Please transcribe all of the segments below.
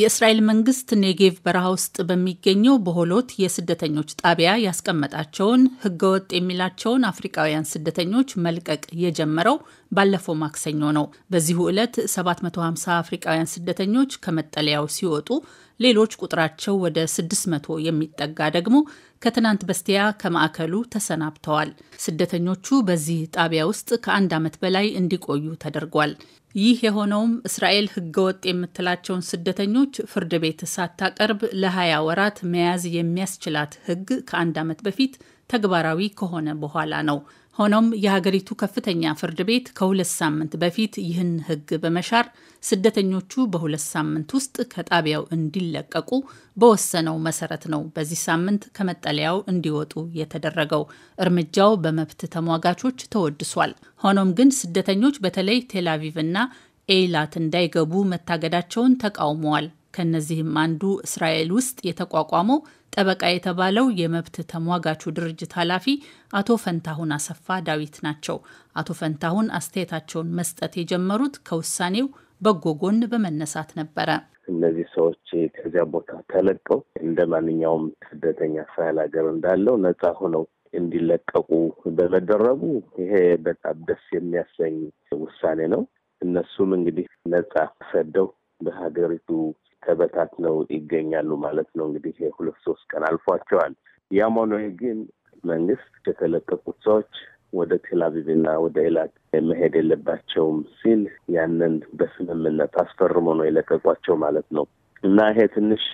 የእስራኤል መንግስት ኔጌቭ በረሃ ውስጥ በሚገኘው በሆሎት የስደተኞች ጣቢያ ያስቀመጣቸውን ህገወጥ የሚላቸውን አፍሪካውያን ስደተኞች መልቀቅ የጀመረው ባለፈው ማክሰኞ ነው። በዚሁ ዕለት 750 አፍሪካውያን ስደተኞች ከመጠለያው ሲወጡ ሌሎች ቁጥራቸው ወደ 600 የሚጠጋ ደግሞ ከትናንት በስቲያ ከማዕከሉ ተሰናብተዋል። ስደተኞቹ በዚህ ጣቢያ ውስጥ ከአንድ ዓመት በላይ እንዲቆዩ ተደርጓል። ይህ የሆነውም እስራኤል ህገወጥ የምትላቸውን ስደተኞች ፍርድ ቤት ሳታቀርብ 20 ወራት መያዝ የሚያስችላት ህግ ከአንድ ዓመት በፊት ተግባራዊ ከሆነ በኋላ ነው። ሆኖም የሀገሪቱ ከፍተኛ ፍርድ ቤት ከሁለት ሳምንት በፊት ይህን ሕግ በመሻር ስደተኞቹ በሁለት ሳምንት ውስጥ ከጣቢያው እንዲለቀቁ በወሰነው መሰረት ነው በዚህ ሳምንት ከመጠለያው እንዲወጡ የተደረገው። እርምጃው በመብት ተሟጋቾች ተወድሷል። ሆኖም ግን ስደተኞች በተለይ እና ኤይላት እንዳይገቡ መታገዳቸውን ተቃውመዋል። ከእነዚህም አንዱ እስራኤል ውስጥ የተቋቋመው ጠበቃ የተባለው የመብት ተሟጋቹ ድርጅት ኃላፊ አቶ ፈንታሁን አሰፋ ዳዊት ናቸው። አቶ ፈንታሁን አስተያየታቸውን መስጠት የጀመሩት ከውሳኔው በጎ ጎን በመነሳት ነበረ። እነዚህ ሰዎች ከዚያ ቦታ ተለቀው እንደ ማንኛውም ስደተኛ ሳያል ሀገር እንዳለው ነጻ ሆነው እንዲለቀቁ በመደረጉ ይሄ በጣም ደስ የሚያሰኝ ውሳኔ ነው። እነሱም እንግዲህ ነጻ ሰደው በሀገሪቱ ከበታት ነው ይገኛሉ ማለት ነው። እንግዲህ የሁለት ሶስት ቀን አልፏቸዋል። ያም ሆኖ ግን መንግስት የተለቀቁት ሰዎች ወደ ቴልአቪቭና ወደ ኤላት መሄድ የለባቸውም ሲል ያንን በስምምነት አስፈርሞ ነው የለቀቋቸው ማለት ነው እና ይሄ ትንሽ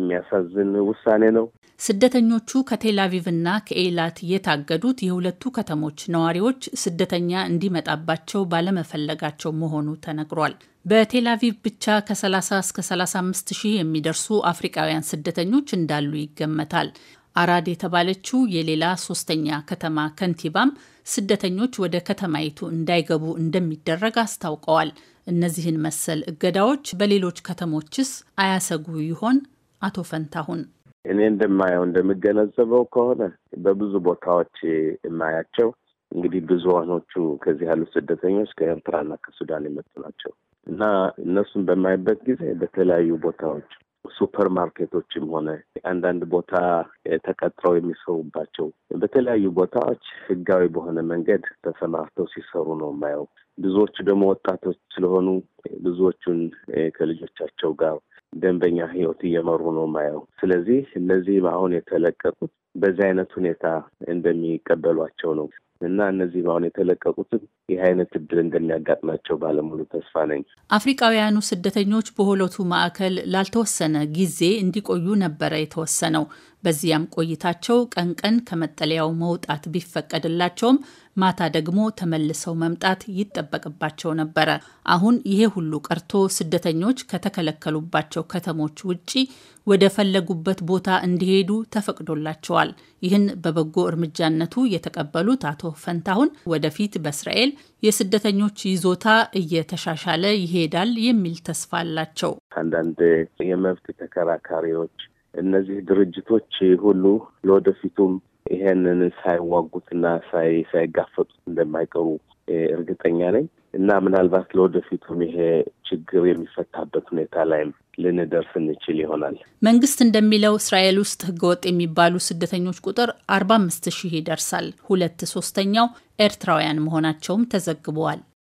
የሚያሳዝን ውሳኔ ነው። ስደተኞቹ ከቴልአቪቭና ከኤላት የታገዱት የሁለቱ ከተሞች ነዋሪዎች ስደተኛ እንዲመጣባቸው ባለመፈለጋቸው መሆኑ ተነግሯል። በቴል አቪቭ ብቻ ከ30 እስከ 35 ሺህ የሚደርሱ አፍሪቃውያን ስደተኞች እንዳሉ ይገመታል። አራድ የተባለችው የሌላ ሶስተኛ ከተማ ከንቲባም ስደተኞች ወደ ከተማይቱ እንዳይገቡ እንደሚደረግ አስታውቀዋል። እነዚህን መሰል እገዳዎች በሌሎች ከተሞችስ አያሰጉ ይሆን? አቶ ፈንታሁን እኔ እንደማየው እንደሚገነዘበው ከሆነ በብዙ ቦታዎች የማያቸው እንግዲህ ብዙሀኖቹ ከዚህ ያሉት ስደተኞች ከኤርትራና ከሱዳን የመጡ ናቸው። እና እነሱን በማይበት ጊዜ በተለያዩ ቦታዎች ሱፐር ማርኬቶችም ሆነ አንዳንድ ቦታ ተቀጥረው የሚሰሩባቸው በተለያዩ ቦታዎች ህጋዊ በሆነ መንገድ ተሰማርተው ሲሰሩ ነው የማየው። ብዙዎቹ ደግሞ ወጣቶች ስለሆኑ ብዙዎቹን ከልጆቻቸው ጋር ደንበኛ ህይወት እየመሩ ነው የማየው። ስለዚህ እነዚህም አሁን የተለቀቁት በዚህ አይነት ሁኔታ እንደሚቀበሏቸው ነው እና እነዚህ አሁን የተለቀቁትም ይህ አይነት እድል እንደሚያጋጥማቸው ባለሙሉ ተስፋ ነኝ። አፍሪካውያኑ ስደተኞች በሆለቱ ማዕከል ላልተወሰነ ጊዜ እንዲቆዩ ነበረ የተወሰነው። በዚያም ቆይታቸው ቀን ቀን ከመጠለያው መውጣት ቢፈቀድላቸውም ማታ ደግሞ ተመልሰው መምጣት ይጠበቅባቸው ነበረ። አሁን ይሄ ሁሉ ቀርቶ ስደተኞች ከተከለከሉባቸው ከተሞች ውጪ ወደ ፈለጉበት ቦታ እንዲሄዱ ተፈቅዶላቸዋል። ይህን በበጎ እርምጃነቱ የተቀበሉት አቶ ፈንታሁን ወደፊት በእስራኤል የስደተኞች ይዞታ እየተሻሻለ ይሄዳል የሚል ተስፋ አላቸው። አንዳንድ የመብት ተከራካሪዎች እነዚህ ድርጅቶች ሁሉ ለወደፊቱም ይሄንን ሳይዋጉትና ሳይ ሳይጋፈጡት እንደማይቀሩ እርግጠኛ ነኝ እና ምናልባት ለወደፊቱም ይሄ ችግር የሚፈታበት ሁኔታ ላይም ልንደርስ እንችል ይሆናል። መንግስት እንደሚለው እስራኤል ውስጥ ህገወጥ የሚባሉ ስደተኞች ቁጥር አርባ አምስት ሺህ ይደርሳል። ሁለት ሶስተኛው ኤርትራውያን መሆናቸውም ተዘግበዋል።